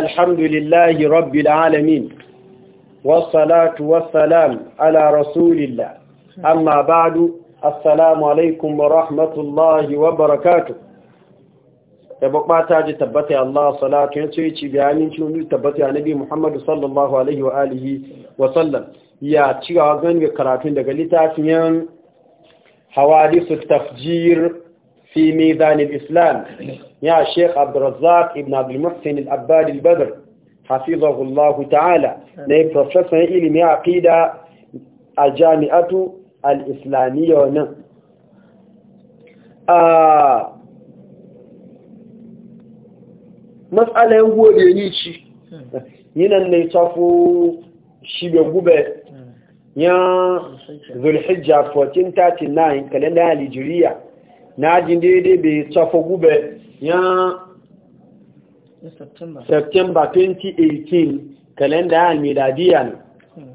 الحمد لله رب العالمين والصلاة ala على amma badu أما بعد wa عليكم wa الله وبركاته tabbat ta ji tabbata Allah salatu ya ce ci bayanin cin tabbata ya Muhammad sallallahu alaihi wa alihi wa sallam ya cigawa gani ga karatun daga littafin yan hawadisu tafjir fi mizanil islam يا الشيخ عبد الرزاق ابن عبد المحسن الأباد البدر حفظه الله تعالى نهي بروفيسور إلم يا عقيدة الجامعة الإسلامية ون نعم. آه matsala ya gobe ni ci yinan ne ta fi shibe gube 1439 kalenda الهجرية na jin daidai bai tafi ya september 2018 kalenda ya miladiya ne hmm.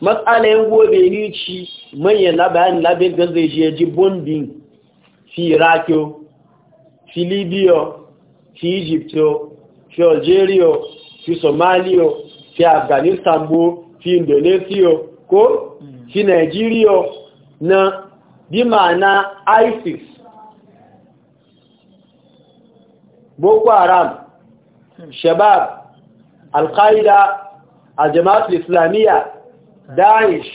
matsalayin gobe ni ci manyan labayan labin da zai je ji bombin fi irakio fi libya fi egypto fi algeria fi somalia fi afghanistan bu, fi indonesia ko hmm. fi nigeria na bi ma'ana isis boko haram shabab al aljamaatul islamiyya daesh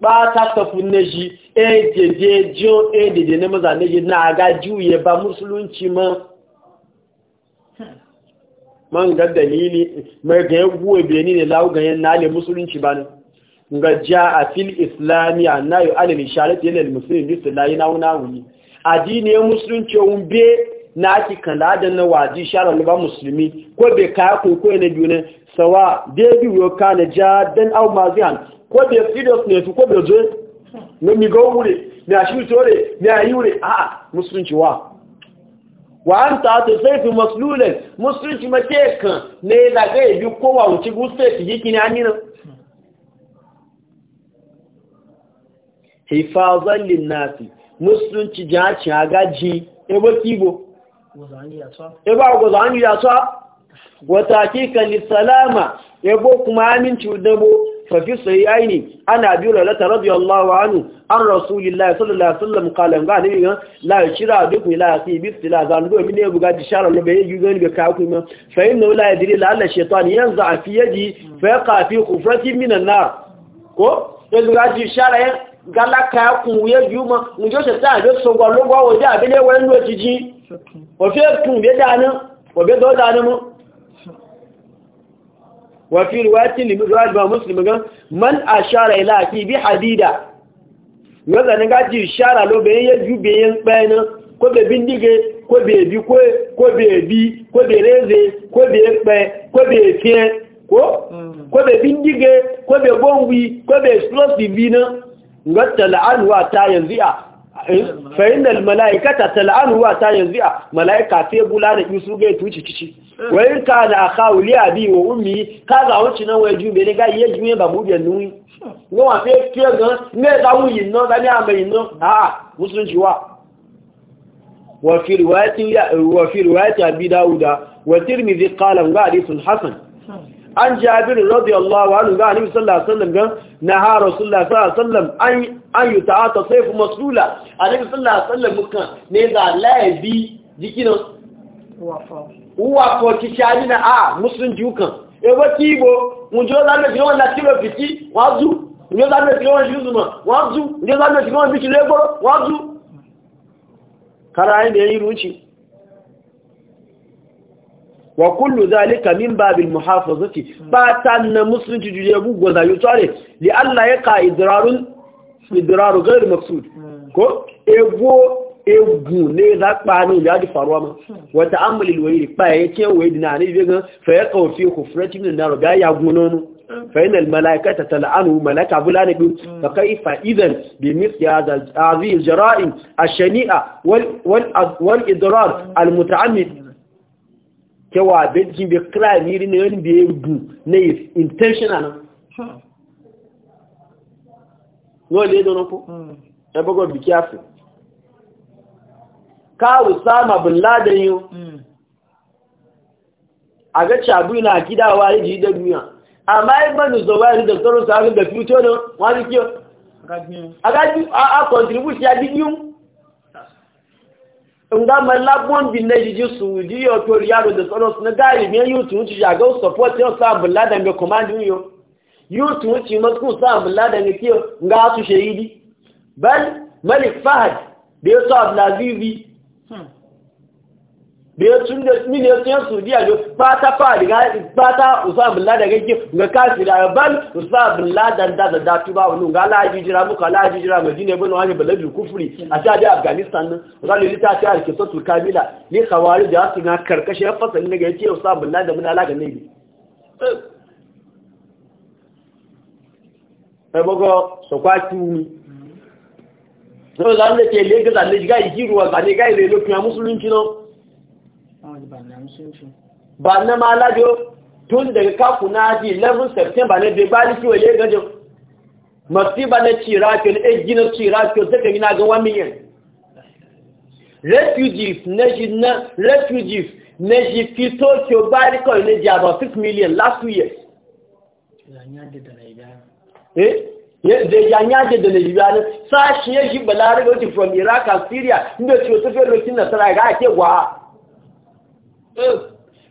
ba ta tafi na shi ejeje eh, jiyo ejeje eh, na mazane yi na aga juye ba musulunci ma man ga dalili mai ga ya guwa beni ne laugayen na ne musulunci ba ne ga ja a fil islamiyya na yi alil isharat yanayin musulun bisu layi na wuna wuni addini ya musulunci wun be na ake kanda da na waji shara luba musulmi ko bai kaya koko ne biyu ne sawa daidai wuyo ka na ja dan au mazihan ko bai serious ne ko bai zo na mi ga wure na shi tore a yi wure a a musulunci wa wa an ta ta sai fi maslulan musulunci ma ke kan ne da ga e yi kowa wuce gusta ki yiki ne amina hifazan linnasi musulunci jaci agaji ebe kibo ya ba gwazo an yi wata kika ni ya bo kuma aminci dabo fafi sai aini ana biyu lalata radiyallahu anu an rasulillah sallallahu alaihi wasallam kalan ga ne ga la shira duk la fi bistila zan go ne buga ji shara lo bai yi gani ga ka kuma fa inna la yadri la alla shaytan yanza fi yadi fa yaqa fi khufrati min minan na ko ya zuga ji shara galaka ku ya ma, mu jo ta da so gwa lo gwa wo da bele wa wafi yaktun bai dana wabe zo dana mu wafi ruwatin limin ba musulmi gan man a shara ila bi hadida yanzu ga ji shara lo bayan ko bai bindige ko bai bi ko bai bi ko bai reze ko bai pe ko bai fiye ko bai bindige ko bai gongwi ko bai explosive na ngatta la'anwa ta yanzu a Eh, fa'inal mala'ikata tal'anu wa ta yanzu a mala'ika fe bula da isu ga tuci cici wayin ka na akawu li abi wa ummi ka ga wuci nan wai jube ne ga iye jume ba mu biyan nuni no wa fe fe ga ne da wu yin no da ne a mai no ha musulunci wa wa fi riwayati wa fi riwayati abi dauda wa tirmidhi qala wa hadithun hasan an jabir radiyallahu anhu ga annabi sallallahu alaihi wasallam ga naha rasulullah sallallahu alaihi wasallam an an yuta'ata sayf masula annabi sallallahu alaihi wasallam muka ne da laibi jikin wafa uwa ko ti shani na a ah, musun jukan e ba kibo unjo da ne kiyo na kilo fiti wazu mun jo da ne kiyo juzuma wazu mun jo da ne kiyo bi kilo goro wazu karai da yi ruci وكل ذلك من باب المحافظة باتن مسلم تجيبو غدا يوتاري لالا يقع اضرار اضرار غير مقصود كو ايغو ايغو ني ذا باني لا دي فاروا ما وتامل الويل با يكي ويدنا ني بيغا فيق في كفرت من النار غا يغونون فان الملائكه تلعن ملائكه فلان بي فكيف اذا بمثل هذا هذه الجرائم الشنيعه والاضرار المتعمد kewa bejin be crime yiri ne yoni be du ne is intentional no le do nopo e bogo be careful ka usama bin laden yo a ga chabu na gida wa yi da duniya amma ibn zubair da tsaro sa ga fito no wani kiyo a ga a contribute ya bidiyu nga malabon bi na jiji su ji yau to yaro da tsaro na galibi yan yutu wuce jaga support yau sa bulla da mai commanding yau yutu wuce masu sa bulla da mai kiyo nga su shahidi bal malik fahad da ya sa ablazizi tun da miliyan yan saudiya ne ba ta fari ba ta usa abu lada gaggi ga kafi da ban usa abu lada da da datu ba wani ga alhaji jira muka alhaji jira mai jini bin wani balabin kufuri a ta da afghanistan nan za rani lita ta yarke sotul kamila ne kawari da su na karkashin fasalin daga yake usa abu lada muna alaga ne ebogo eh, eh, sokwatu so zan da ke lagos and lagos ga yi giruwa ga ne ga yi ile lokacin musulunci nan ba na ma lajo tun daga kaku na ji 11 september na bai bali kiwa ya gajin masiba na cirafio na ejinar cirafio ta gani na ga 1 million refugees na shi na refugees na ji fi tokyo bali kawai na ji about 6 million last two years eh? da yanya da da ne sashi ya shi balaraga from iraq and syria inda ce wata fiye lokacin nasara ga ake gwa Eh,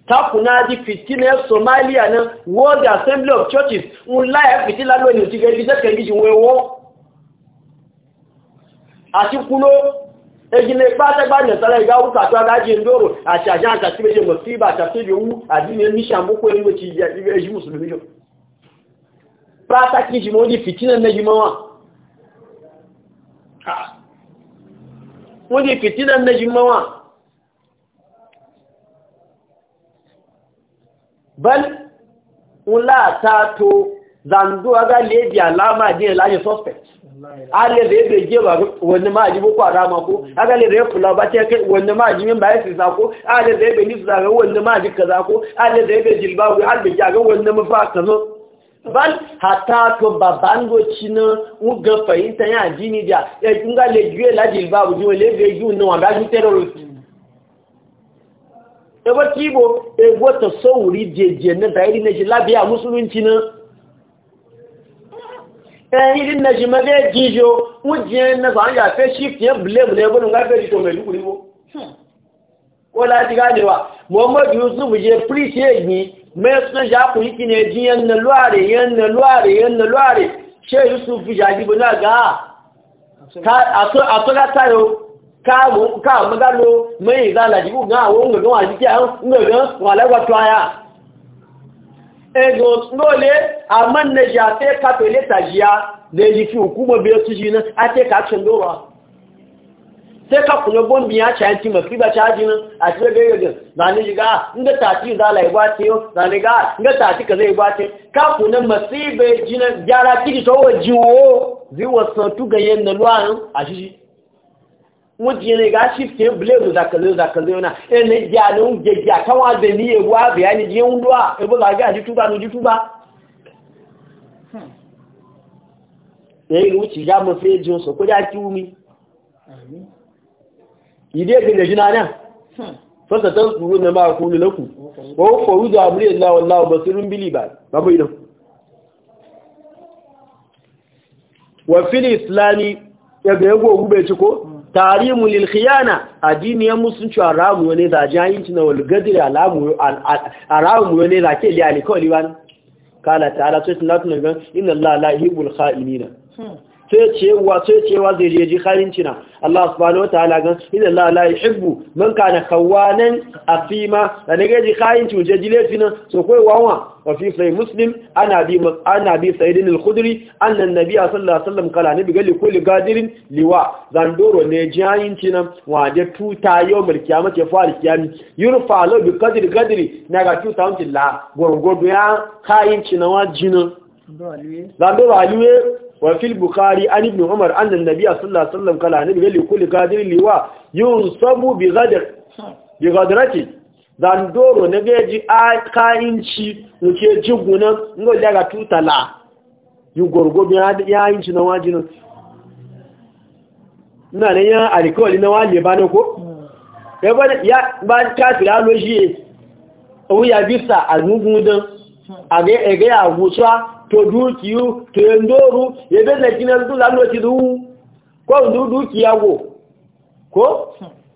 takuna di fitina somalia na world assembly of churches ń láyẹ̀ fìtílá na ti gẹ̀ẹ́bí jẹ́ kìí wọ́n wọ́n àti kúló ejìnlẹ̀ pátẹ́gbà nẹ̀sára ìgbà òkú àti agájí ndóró àti àjá àtàtí méjì mọ̀ sí ibà àtàtí ìlú owó àdínlẹ̀ ní sàmókò ẹni wọ́n ti ẹjú mùsùlùmí jọ pátákì jùmọ́ ní bal ula ta to zanduwa aga lebi alama je laje suspect ale da yadda je ba wani ma'aji boko harama ko aga le re kula ba ke kai wani ma'aji min bai sisa ko ale da yadda nisu zaga wani ma'aji kaza ko ale da yadda jilbabu albi ya ga wani mafa kazo bal hata to baban goci na wuga fahimta ya jini da ya e kunga le juye la jilbabu jiwa le ga ju no wa wanda ju terrorist ebe kibo ego ta sauri jeje na da irin shi labiya musulunci na ɗan irin naji maga gijo wujiyar na sa'an ya fe shi fiye blame na gudun gafe rito mai lukuri ko ko lati ganewa muhammadu yusuf je priest ya yi mai suna ja ku yiki ne ji yan na luware yan na luware yan na luware she yusuf jaji bu na ga a so tayo kaabo kaabo galo me za la jigu nga wo ngo wa jike an ngo ngo wala wa twaya e go ngole aman ne ja te ka to le ta jia de ji fi ku kuma be su ti na a te ka chen do wa te ka ku bon bi a cha ti ma ki ba cha jina a te ge ge na ni ji ga nga ta ti za la wa ti yo na ni ga nga ta ti ka ze wa ti ka ku ne masibe jina gyara ti to wa ji wo ji wo so tu ga yen na lo an a ji wujin ne ga shi ke blame da kalle da kalle na eh ne ja ne je ja kan ya ni ewa bayani je unduwa e bo ga ga ji tuba no ji tuba eh lu ci ja mo fe jo so ko ja ki umi amin ide ke da na ba ni laku wa ko wuzu bili ba wa ya ci ko tarihi lil khiyana addini ya cewa ramu ne da jayinci na wal gadri alamu ramu ne da ke liyani kawai ba kala ta'ala sai tun latun ga inna allaha la yuhibbul kha'inina hmm. sai cewa sai cewa zai je ji kha'inci na allah subhanahu wataala ga inna allaha la yuhibbu man kana khawanan afima da ne ga ji kha'inci je ji lefina so kai wawa وفي صحيح مسلم أنا أبي أنا أبي سعيد الخدري أن النبي صلى الله عليه وسلم قال النبي قال لكل قادر لواء زندور نجاين تنا وعد توتا يوم القيامة يفعل القيامة يرفع له بقدر قدر نجا توتا أنت لا غرغر يا خاين تنا وجنا زندور عليه وفي البخاري عن ابن عمر أن النبي صلى الله عليه وسلم قال النبي قال لكل قادر لواء ينصب بغدر بغدرته zandoro na gaji a ka'inci nke jigunan ngo daga tutala yi gorgobi ya yinci na wajinan na ne ya alikoli na waje ba na ko hmm. ya ba kafin aloji ohun ya bisa agugudan a hmm. ga ya gusa to dukiyu to yandoru ya bezna kinan dula noti du ko dukiya go ko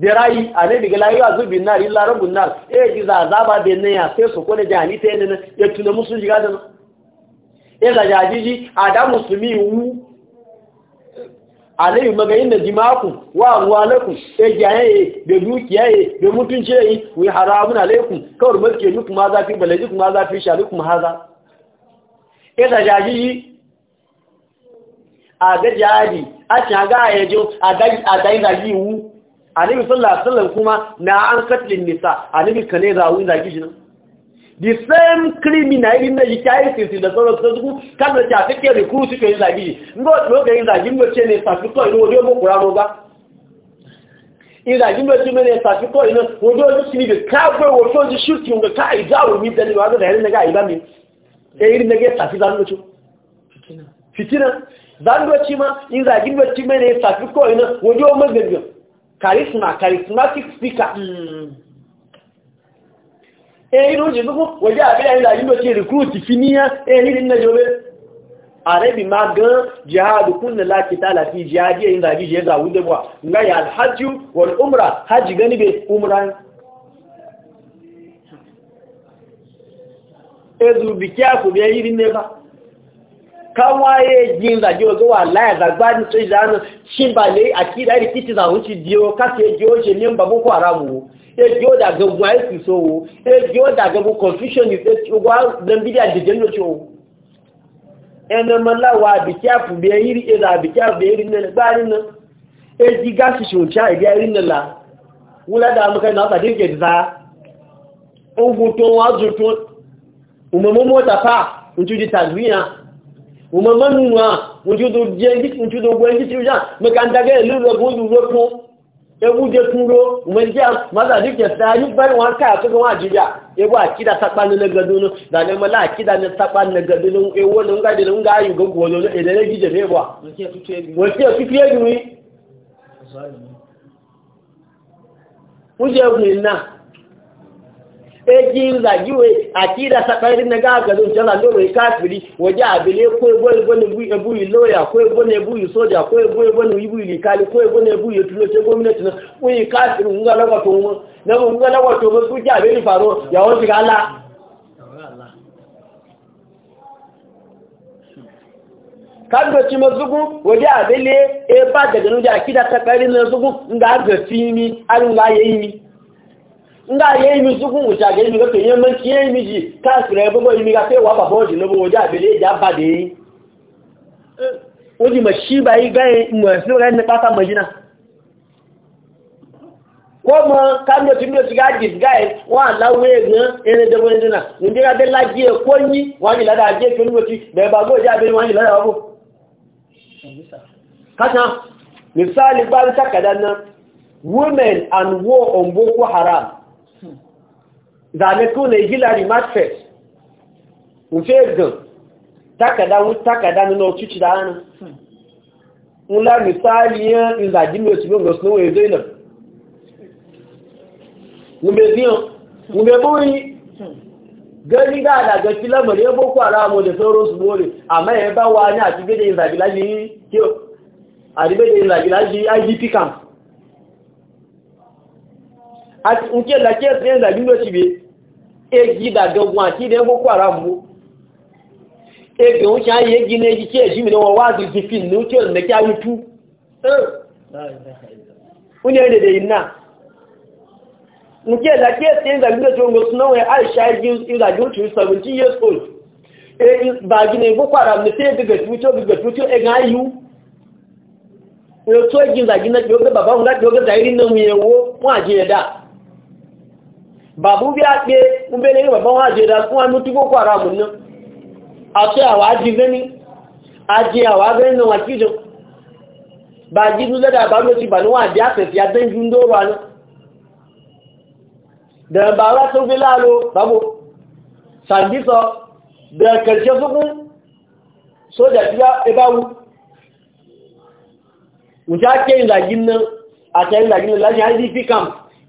birayi e, a ne daga layi a zubin nar illa rabun nar eh ji zazaba da nan ya sai su kone jani ta yana ya e, tuna musu jiga e, da nan eh da jajiji adam musulmi wu alayhi magayin da jimaku wa amwalakum eh jaye da dukiya eh da mutunci eh wi haramun alaikum kawar mulke nuku ma zafi balaji kuma zafi shalikum haza eh da jajiji a ga jadi a ci ga a ga a ga yi wu annabi sallallahu alaihi wasallam kuma na an katlin nisa annabi kane zawo da kishi nan the same criminal irin da yake sisi da sauran su zuku kan da ta take recruit ke yin zagi ngo ga yin zagi ngo che ne safiko ino mo kura mo ga in zagi ngo che ne safiko ino wajen wajen shi be ka wo so ji shirki ngo ka ai zawo mi da ne ba da yarin da ga ai ba mi eh irin da ga safi zan ngo fitina fitina zan ngo ci ma yin zagi ngo ce ne safiko ino wajen mu ga charisma charismatic speaker eh inu je gugu waje abira ila yin doce recruit finiya eh ni dinna jobe arabi ma gan jihad kullu la kitala fi jihad yin da je ga wude bwa nga ya alhajj wal umra haji gani be umra ezu bikiya ku be yi dinne ba káwáyé jíńdà jí ogó wà láyàgbàgbà ní tó ìdáná ṣíbalè àkídà ìrìkítìsà òun ti di o káfí èjì ó ṣe ní ń bàbú kó ara wò èjì ó dàgbẹ̀gbù àìsìsò wò èjì ó dàgbẹ̀gbù confusion ogbà lẹ́mbídà dìde lóṣù o ẹnẹmọláwà àbìkí àfùgbé ìrì ẹ̀dà àbìkí àfùgbé ìrì nílẹ̀ gbá nínú èjì gáàsì ṣòṣà ìdí àìrí nílà wúlẹ́dà amúkẹ́ náà sàdíkẹ̀ dìza ogun tó wọn á zùtún òmùmú mọ́tàfà ntúdi tàgbìyàn wọ́n mọ́ nù wọn ojúdó jẹ́ ojúdó gbọ́ ẹjí tí ó yá mẹ́kàndágẹ́ ìlú lọ́gbọ́n ojú ló tún ewu jẹ́ tún ló wọ́n jẹ́ mazadi kẹta ayé báyìí wọn káyà tó kọ́ wọn àjíjà ewu àkídà sápá ní lẹ́gẹ̀dọ́nù dàní mọ́lá àkídà ní sápá ní lẹ́gẹ̀dọ́nù ewu ní eji nzagiwe akida sakari na ga ga don jala do re kafiri waje abile ko ebo ebo ne bu ebu ko ebo ne bu ko ebo ebo ne ko ebo ne bu na ko yi kafiri nga to mo na mo nga lawa to mo ku ja faro ya o diga la kagbaci mazugu waje abile e ba daga nuje akida sakari na zugu nga ga fini an nga ye imi sukun wuta ga imi ga to yen man ti imi ji ka sire bobo imi ga fe wa baba oji no bo ja be le ja eh. oji ma shi ba yi ga mo si ga ni pata mo jina ko mo ka mo ti mo ti ga dis guy wa la we gan ene de bo ga de la ji e wa ni la da je ni mo ti be ba go ja be wa ni la da bo kata misali ba ta kadan women and war on boko haram zanekun na e igilari matfet nfe gan takada wun takada nuna otuci da hannu nla misali yan izaji mai otu gbogbo suna wee zai nan gani ga adaga fi lamari ya e boko alamu da sauran su bore amma ya e ba wa ni a nke da ke tsaye da bindo ci egi e àti de boko haram bu e gan sha ye gine ji ke ji wa di ji fin ne da ke aisha years old ne Oyo tó ìjìnlá jíná tí ó gbé bàbá òun láti ó gbé ìdáyé nínú ìyẹ̀wó bàbú bí a pé ń bẹ́ lẹ́yìn bàbá wọn àjẹ́dà fún àmú tí kókò ara mú náà àti àwà ajífẹ́ ní ajé àwà abẹ́rẹ́ náà wọ́n kíjọ bá jíjú lẹ́dà bá ló ti bà ní wọ́n àjẹ́ àfẹ́fì adẹ́jú ń dóòrò àná dẹ̀rẹ̀bà wá tó gbé láàrò bàbò sàndísọ dẹ̀rẹ̀kẹ̀ṣẹ́ fúnkún sójà tí ẹbá wú ǹjẹ́ á ké ìlàjì náà àtẹ́ ìlàjì náà láti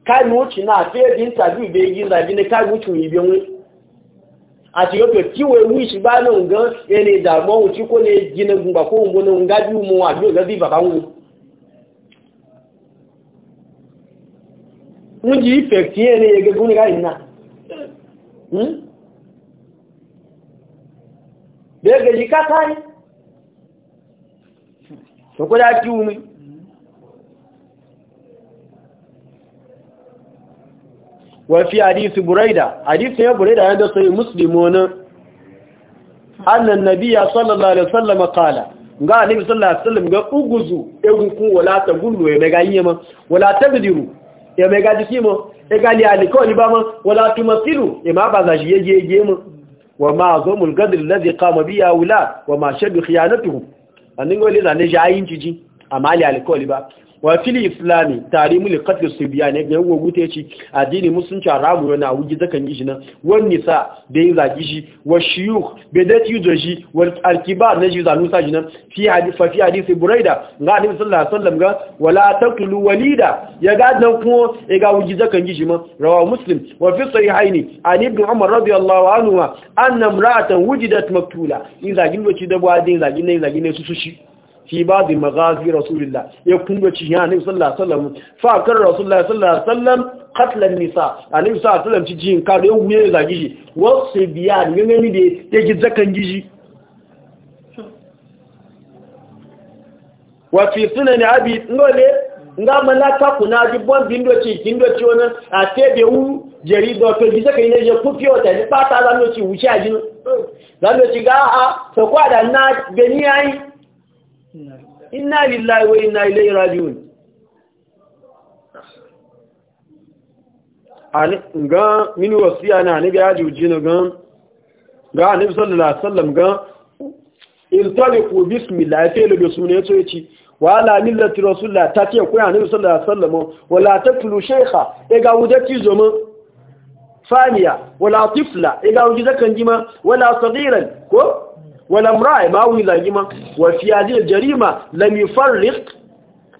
káàrí wọ́n na náà fẹ́ ntabi ń tàbí ìbẹ̀ yìí ìrìnàjí ní káàrí ati ti kiwe wishi wọn àti yóò tí wọ́n ewu ìṣìgbà náà gan ẹni ìdàgbọ́ ohun tí kò ní wafi hadisi buraida hadisi ya buraida yadda na annan nabiya sallallahu alaihi wasallam kala ga annabi sallallahu alaihi wasallam ga uguzu egunku wala ta gullu ya mega yema wala ta ya mega dikimo e gali ali ko ni bama wala tumasilu e ma ba zaji yeje yema wama azumul qadr alladhi qama biya ula wama shadu khiyanatuhum annin wali zane jayin jiji amali ali ko ba wa fil islami tarimu li qatl sibyan ne yawo gute ci addini musulunci haramu na wuji zakan gishi na wan nisa da yin zaki shi wa shuyukh bidat yudaji wa alkibar na ji zanu sa nan fi hadith fa fi hadith buraida ga annabi sallallahu alaihi wasallam ga wala taqlu walida ya ga nan ko e ga wuji zakan gishi ma rawa muslim wa fi sahihaini an ibn umar radiyallahu anhu anna imra'atan wujidat maktula in zagin lokaci da ba din zagin ne zagin ne su su shi fi ba da magazi rasulullah ya kunga ci ya nabi sallallahu alaihi wasallam fa kar rasulullah sallallahu alaihi katlan nisa annabi sallallahu alaihi ci jin ka ya wuye zagi gishi wasu biya ne ne da yake zakan gishi wa suna ne abi nole nga malaka kuna ji bon bindo ci kindo ci wona a tebe wu jerido to gisa kai ne je kufi wata ni pata la no ci wuci ajin la no ci ga a so kwa da na beni ai inna lillahi wa inna ilaihi raji'un ga mini wasiya na ni ga yaji na ga ga annabi sallallahu alaihi wasallam ga iltaliqu bismillah fa lo sunne to yace wala millati rasulullah ta ce ku annabi sallallahu alaihi wasallam wala taqtulu shaykha e ga wujati zoma faniya wala tifla e ga wuji zakan jima wala saghiran ko wala mra'i ba wi jima wa fi hadhihi jarima lam yufarriq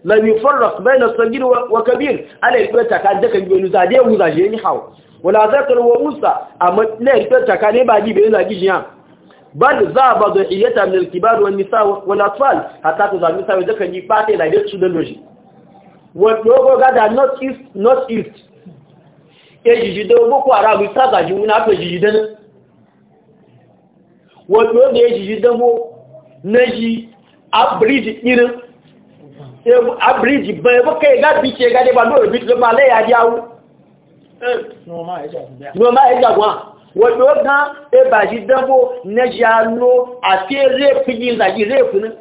lam yufarriq bayna sagir wa kabir ala ibata ka da kan gonu za dai wuza je ni hawo wala zakar wa musa amma ne ibata ka ne ba ji be zagi jiya bal za ba da iyata min al-kibar wa nisa al atfal hatta ta zami sa da kan yi fate da dai su da loji wa dogo ga da north east not east e jiji da boko ga ta mu na to jiji da wato da ya shi damo na shi abiriji irin abiriji bai baka ya ga bice ga dai ba nuna rubitu ba lai ya ji noma ya jagwa wato ga e ba shi damo na shi lo a fi refi yin zagi refi nan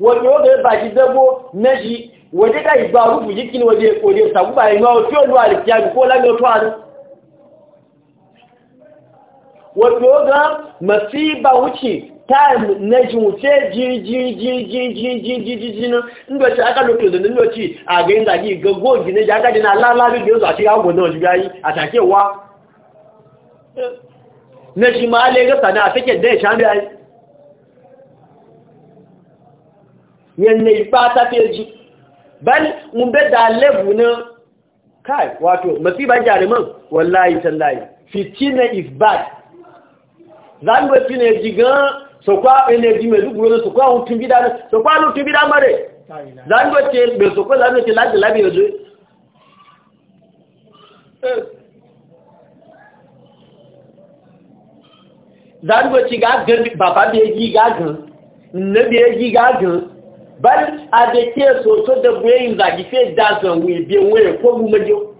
wato ga e ba shi damo na shi waje ga igba rufu waje kode sabu ba yi ma olu alifiya ko lami wato ga masiba wuce na ji wuce ji na lokacin a ga ga a cikin agogon wajen na shi ma ale ta da na kai wato masiba jaruman wallahi fitina is bad zanu ti ne jigan so kwa ene ji me duguro so kwa un timbida so kwa lu timbida mare zanwe ti be so kwa zanwe ti laji labi zanu zanwe ti ga gan baba bi e ji ga gan ne bi e ji ga gan bal a de ke so so da buyin zagi fe da zan wi we ko mu majo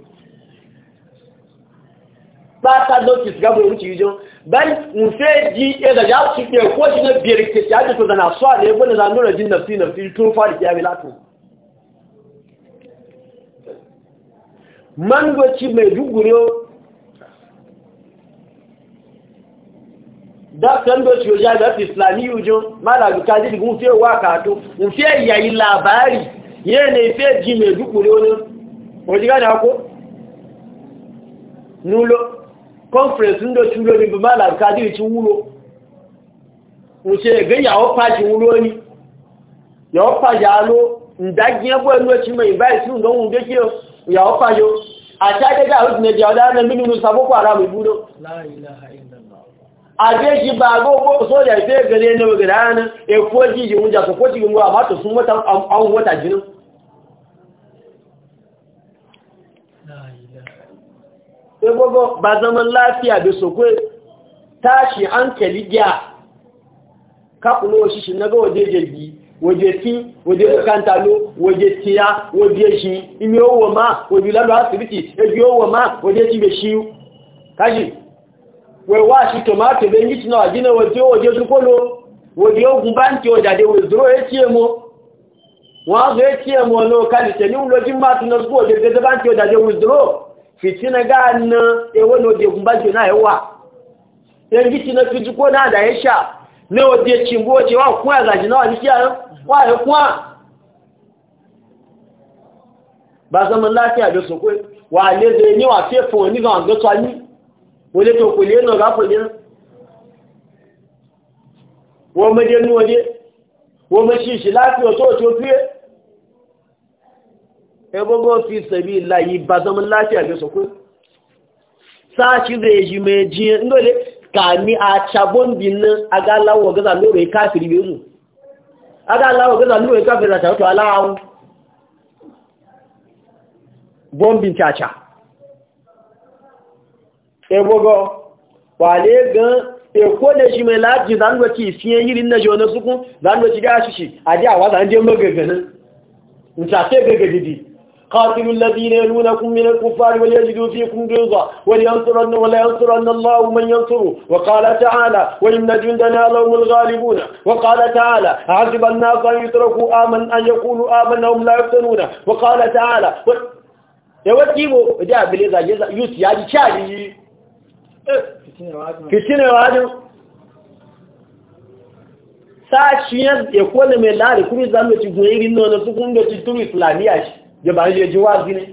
pátá notice gábò ìrúkì yíjọ bẹ́ẹ̀ ń fẹ́ di mangoci mai dugure dákan ló ṣe òjá ìgbẹ́fì islami yíjọ málàbí kájí ìgún fẹ́ wà kàtó wa fẹ́ ìyà yayi àbárì yẹ́ ni ìfẹ́ mai dugure ó ní òjìgá conference ndo chulo ni bimala kadiri chulo uche genya opaji ni, ya opaji alo ndagiye bo enu chi mai bai si ndo unde kiyo ya opaji achaje ga hu ne jawda na minu nu sabo kwa ara ibudo la ilaha illallah aje ji ba go go so ya te gare ne gare e ji unja so ko ngwa ma to sun sai gogo ba zaman lafiya da sokwe tashi hankali gya kakulo shi shi naga waje jirgi waje ti waje kantalo waje tiya waje shi owo ma waje asibiti eji owo ma waje ti be shi kaji wewa shi tomato be yi tina wajina waje waje ọdị waje ogun banki ojade wezuro atm wọ́n á ọ̀nà máa tún lọ sí ọjọ́ fitina na ewe na odegun bajo na ewa yanzu ti na fiji ko na da ya sha na ode wa kun a gaji na wa wa ya ba zaman lafiya wa ne zai wa fefa wani ga wanga tsani to kule ga ebogo fi sabi layi ba zaman lafiya ga soko sashi zai ji mai jiye ndole ka ni a chabon binin agalawo gaza lori kafiri bezu agalawo gaza lori kafiri na tawato alawo bombin caca ebogo wale gan èkó lè ṣe mẹ́lá jù dánúwẹ̀tí ìfihàn yìí nínú ẹjọ́ ọ̀nà súnkún dánúwẹ̀tí gáàṣìṣì àdí àwọn àdáńdé mọ́ gẹ̀gẹ̀ náà ń dìdì قاتل الذين يلونكم من الكفار وليجدوا فيكم جوزا ولينصرن ولا ينصرن الله من ينصره وقال تعالى وإن جندنا لهم الغالبون وقال تعالى عجب الناس أن يتركوا آمن أن يقولوا آمن هم لا يفتنون وقال تعالى يوتيبو جاء بليزا يوسف يا جاري فتنة وعدم sashiyar ya kone mai lari kuma zama ci gwairi nuna su kunga ci turu jọba ń ṣe jí wá sí ní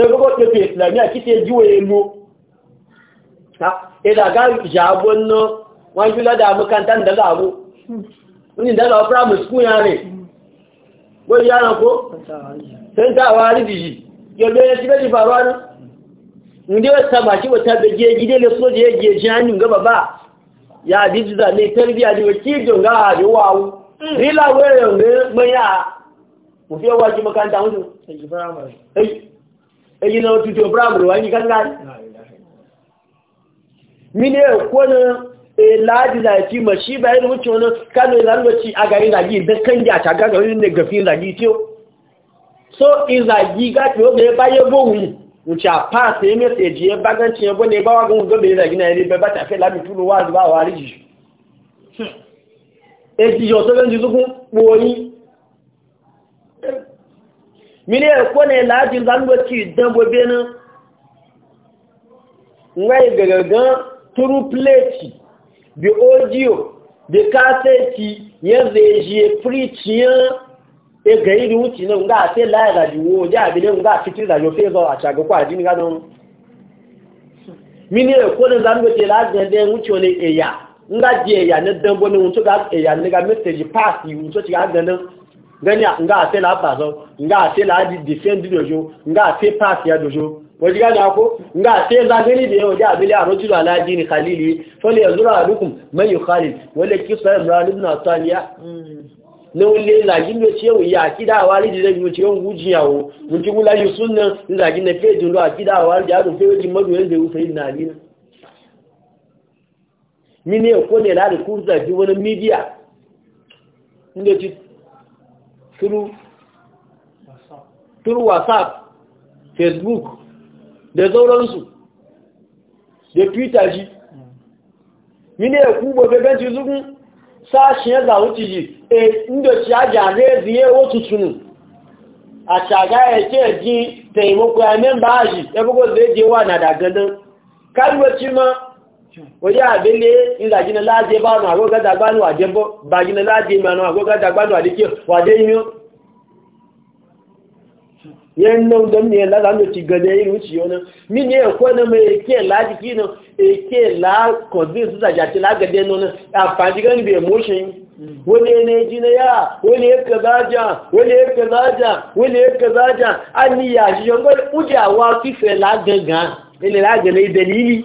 ẹgbẹ́gbọ́ pẹ̀pẹ̀ ìsìlẹ̀mí àkíkẹ́ ìjíwò èlò ìdàgá ìṣàbọ̀ ná wọ́n jú lọ́dà amúkántà ìdàgbàwó ní ìdàgbà primary school yà rẹ̀ bó yá rán kó sẹ́ńtà wa rí dìjì yọ̀bẹ̀ faruwa òfin ọwọ́ ajé mọ́kántà wọ́n tó èyí náà tuntun primary wáyé káńgá mini ẹ̀kọ́ na láti láti mọ̀ sí bá ẹni wúcin wọn kánú ìlànà tí agari ìlàjí ìdẹ́kẹ́ndì àtàgàgà orí ní gẹ̀fin ìlàjí gi ó so ìlàjí gáàtì ó bẹ̀rẹ̀ báyé bóhùn nci a pàṣẹ mẹ́sẹ̀jì ẹ bá gán tiẹ̀ bọ́ ní ẹgbá wágún gómìnà ìlàjí náà ẹni bẹ bá tàfẹ́ láti túnú wáàzù bá wà rí jù èjì yọ̀ sọ́fẹ́ mini ya kone lajin zangoci dambobe nan ngai gagagan turu pleti da audio da kaseti ya zai fritiyar e gari da wuce nan ga sai laye rajuwo ya abin ga fitin rajo sai zo a shaga kwa jini gadon mini ya kone zangoci lajin da wuce wani eya nga je eya na dambo ne ga eya ne ga message pass yi wuce ga ganin gani nga ase la pazo nga ase la di defend dojo nga ase pass ya dojo waji gani ako nga ase za gani da yau da abili arujul ala dini khalili fali yazura alukum man yukhalil wala kisa imran ibn ataniya hmm. ne wule lagin da ce wuya kida wari da zai wuce yau gujiya wo mun ji wula yi sunna lagin na fejin do akida wari da do fejin madoyan da wuce na alina ni ne ko ne la da kurza ji wani media inda ci through through whatsapp facebook da sauransu da twitter ji mini ya kubo gaganci zukun sashen ya zawuci ji e inda shi aji a reziye wasu tunu a shaga ya ce ji taimako ya ya bugu zai na da ganin ma orí àbílé ìlàjínà láàájẹ́ bá ọ̀nà àgógádagbánù àjẹ́bọ́ bàjínà láàájẹ́ ìmọ̀ àwọn àgógádagbánù àdíkẹ́ wàdé yíó yẹn náà dọ́mí ẹ̀ lálàájọ́ ti gẹ̀dẹ̀ irú sí ọ́nà mí ní ẹ̀kọ́ náà mẹ́ èké láti kí náà èké lákọ̀dín sísàjà ti lágẹ̀dẹ̀ náà àfàjígẹ́ níbi emotion wani ne jinaya wani ya kaza ja wani ya kaza ja wani ya kaza ja an ni yashi yangon ujawa fife lagaga ilẹ̀ lagaga dalili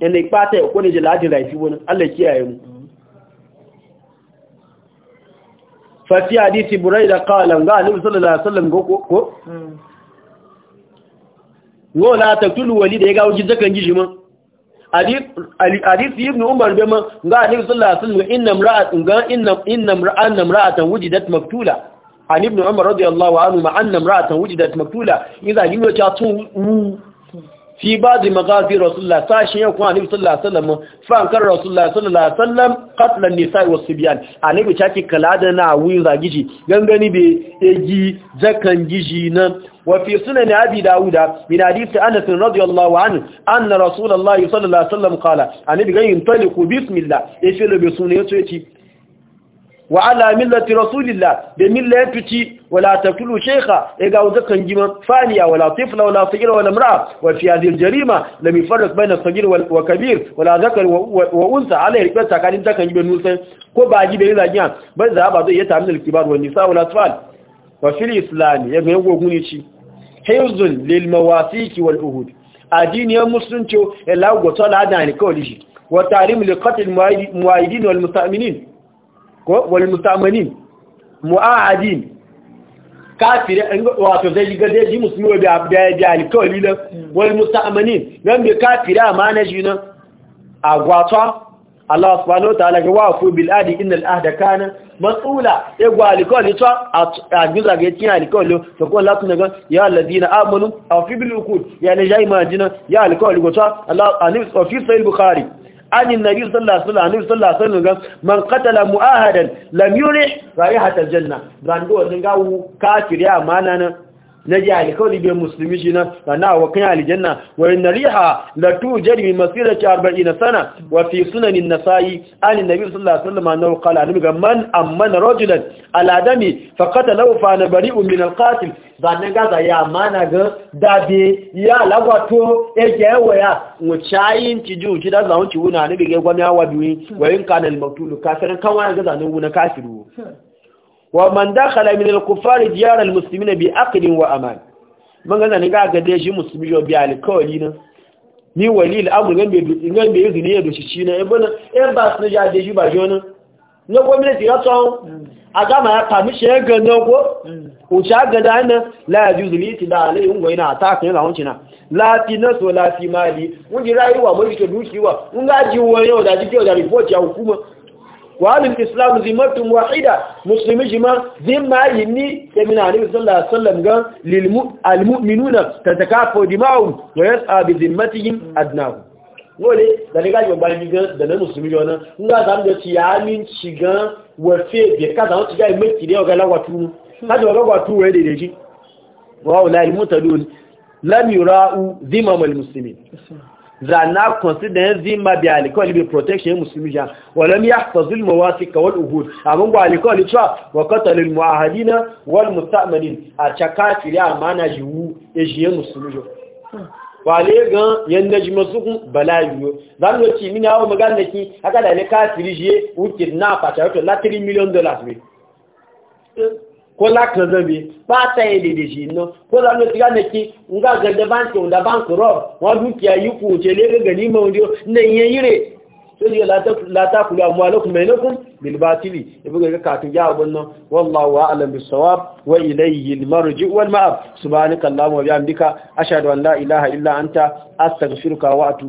yana ipata ya kone jiladin raifi wani Allah kiyaye mu fafi hadisi buraida qala ga annabi sallallahu alaihi wasallam go ko go la taqtulu walida yaga wuji zakan gishi ma hadisi ibn umar be ma ga annabi sallallahu alaihi wasallam inna imra'atun ga inna inna imra'an imra'atan wujidat maktula an ibn umar radiyallahu anhu ma anna imra'atan wujidat maktula idza yimo cha tun fi ba da magazi rasulullah sashin yau kuma annabi sallallahu alaihi wasallam fankar rasulullah sallallahu alaihi wasallam qatlan nisa'i was sibyan annabi chaki kalada na wuyin zagiji gangani be egi zakan giji na Wafi suna ne abi dauda min hadith anas radiyallahu anhu anna rasulullah sallallahu alaihi wasallam qala annabi gayin taliqu bismillah yace lo be sunan yace وعلى ملة رسول الله بملة يبتي ولا تكلوا شيخا إذا ذكا جيما فانيا ولا طفل ولا صغير ولا امرأة وفي هذه الجريمة لم يفرق بين الصغير وكبير ولا ذكر وأنثى عليه ركبتها كان ذكا جيما نوسا كو باجي بإذا جيما بل ذهب ضيئة من الكبار والنساء والأطفال وفي الإسلام يبهي وغنيتي حفظ للمواسيك والأهود أدين يا مسلم شو إلا وغطال عدن عن الكوليجي وتعليم لقتل المؤيدين والمتأمنين ko wal mutamanin mu'ahadin kafire wato zai ga dai ji musulmi wa da da alkawali na wal mutamanin nan bi kafire amana ji na agwata Allah subhanahu wa ta'ala ga wafu bil adi innal ahda kana matsula ya gwa alkawali to a gizo ga cin alkawali to ko Allah tun ga ya alladina amanu afi bil uqud ya ne jai majina ya alkawali go to Allah anil fi sahih bukhari عن النبي صلى الله عليه وسلم النبي صلى الله عليه وسلم من قتل مؤاهدا لم يرح رائحة الجنة راندو نغاو كافر يا مانانا نجي على كولي بمسلمين فنا وكنا لجنة وإن ريحة لتوجد من مسيرة أربعين سنة وفي سنن النسائي آل النبي صلى الله عليه وسلم أنه قال عنه من أمن رجلا على دمي فقتله فأنا بريء من القاتل بعد نجاز يا مانغ دابي يا لغوتو إيجي ويا وشاين تجو جدا زون تقول أنا بيجي قمي أوبي وين كان المقتول كافر كم أنا جزا نقول كافر wa man dakhala min al-kuffar diyar al-muslimina bi aqlin wa aman man ga ne ga ga dai shi musulmi yo bi alkawli na ni wali al-amr ngan be ngan be yuzini ya doshi shi ne, e bona e ba su ja dai shi ba jona na gwamnati ya tsawo a ma ya kami shi ya gano ko wuce ga da hannun la'ajuzu liti da alayi ungo yana ta kan yana huncina lafi na so lafi mali wunji rayuwa mafi ke dukiwa wunga ji wani yau da jikin yau da report ya hukuma wani islam zimmatun wahida musulmi jima zimma yi ni ya mina ne sallallahu alaihi wasallam ga almu'minuna tatakafu dima'um wa yas'a bi zimmatihim adnahu wole da ne gaji babban gigan da na musulmi jona in ga zamu da ci ya min ci ga wafe bi ka zamu ci ga mai ki da ga lawatu ka da lawatu wai da ji wa la ilmutadun lam yura'u zimamal musulmi. za na consider yan zima bi alikoli bi protection yan musulmi jan walam yahfazul mawasiq wal uhud amun go alikoli cewa wa qatal muahadina wal musta'malin a chakati ya amana jiwu e jiye musulmi jo wale gan yan najma su balayu zan yo ci mina wa magana ki aka da ne kafiri jiye wuce na fata to la 3 million dollars be ko láti zabe pátá èdè dèjì iná kó lánà tí gánà kí ń gá gẹ̀dẹ̀ báńkì òǹdà báńkì rọ̀ wọ́n dúkìá yíkù òṣèlé gẹ̀gẹ̀ ní ìmọ̀ òǹdí ní ìyẹn yíre tó di látákùlù àmú alókùn mẹ́lókùn bilbatili ibùgbẹ̀ kàtún yá ọgbọ́n náà wallahu a'lam bis-sawab wa ilayhi al-marji' wal ma'ab subhanaka allahumma wa bihamdika ashhadu an la ilaha illa anta astaghfiruka wa atubu